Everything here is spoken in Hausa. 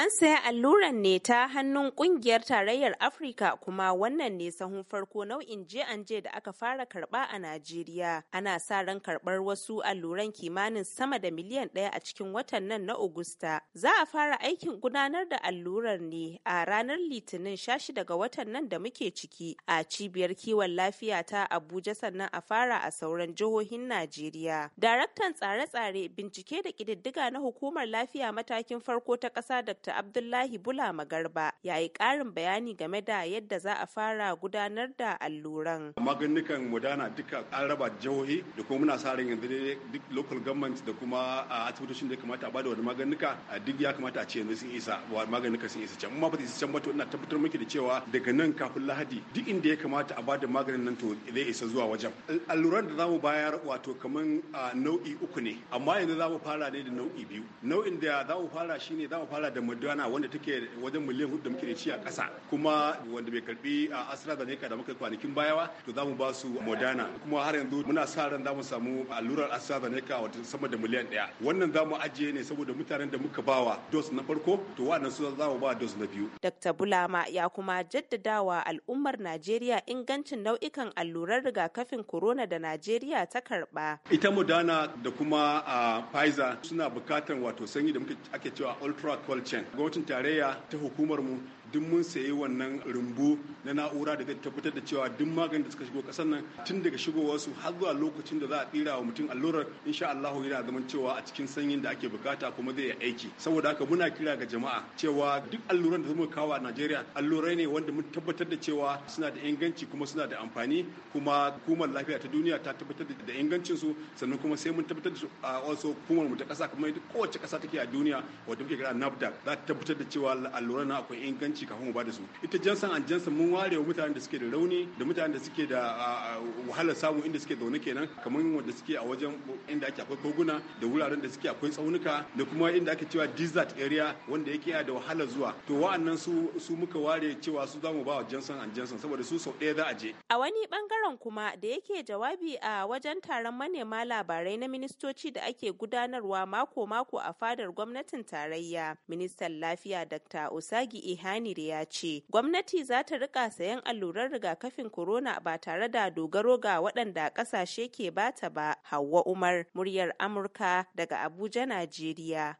An saya alluran ne ta hannun kungiyar tarayyar Afirka kuma wannan ne sahun farko nau'in je an je da aka fara karba a Najeriya. Ana sa ran karbar wasu alluran kimanin sama da miliyan ɗaya a cikin watan nan na Agusta. Za a fara aikin gudanar da allurar ne a ranar Litinin shashi daga watan nan da muke ciki a cibiyar kiwon lafiya ta Abuja sannan a fara a sauran jihohin Najeriya. Daraktan tsare-tsare bincike da ƙididdiga na hukumar lafiya matakin farko ta ƙasa Dr. Dr. Abdullahi Bula Magarba ya yi ƙarin bayani game da yadda za a fara gudanar da alluran. Maganikan mudana duka an raba jihohi da kuma muna sa yanzu da duk local government da kuma asibitocin da ya kamata a bada wani maganika duk ya kamata a ce yanzu sun isa wa maganika sun isa can. Amma ba isa can ba to ina tabbatar miki da cewa daga nan kafin Lahadi duk inda ya kamata a bada maganin nan to zai isa zuwa wajen. Alluran da za mu bayar wato kaman nau'i uku ne amma yanzu za mu fara ne da nau'i biyu. Nau'in da za mu fara shine za mu fara da Moderna wanda take wajen miliyan hudu da muke da shi a ƙasa kuma wanda bai karbi a AstraZeneca da muka kwanakin baya ba to za mu ba su Moderna kuma har yanzu muna sa ran za mu samu allurar AstraZeneca wata sama da miliyan ɗaya wannan zamu ajiye ne saboda mutanen da muka bawa dos na farko to waɗannan su za mu ba dos na biyu. Dr. Bulama ya kuma jaddadawa al'ummar Najeriya ingancin nau'ikan allurar rigakafin corona da Najeriya ta karɓa. Ita Moderna da kuma a Pfizer suna bukatar wato sanyi da muke ake cewa ultra cold chain gwamnatin tarayya ta hukumar mu duk mun sayi wannan rumbu na na'ura da zai tabbatar da cewa duk maganin da suka shigo kasar nan tun daga shigowarsu har zuwa lokacin da za a tsira wa mutum allurar insha Allah yana zaman cewa a cikin sanyin da ake bukata kuma zai yi aiki saboda haka muna kira ga jama'a cewa duk alluran da zamu kawo a Najeriya allurai ne wanda mun tabbatar da cewa suna da inganci kuma suna da amfani kuma hukumar lafiya ta duniya ta tabbatar da ingancin su sannan kuma sai mun tabbatar da a wasu hukumar mu ta kasa kuma kowace kasa take a duniya wadda muke kira NAFDAC za ta tabbatar da cewa alluran na akwai inganci muhimmanci kafin mu bada su ita jansan an jansan mun ware wa mutanen da suke da rauni da mutanen da suke da wahalar samu inda suke zaune kenan kamar wanda suke a wajen inda ake akwai koguna da wuraren da suke akwai tsaunuka da kuma inda ake cewa desert area wanda yake da wahalar zuwa to wa'annan su su muka ware cewa su zamu ba wa jansan an jansan saboda su sau ɗaya za a je a wani bangaren kuma da yake jawabi a wajen taron manema labarai na ministoci da ake gudanarwa mako-mako a fadar gwamnatin tarayya ministan lafiya dr osagi ihani Maniri ya ce gwamnati za ta rika sayan allurar rigakafin corona ba tare da dogaro ga waɗanda ƙasashe ke bata ba. Hauwa Umar, muryar Amurka daga Abuja, Najeriya.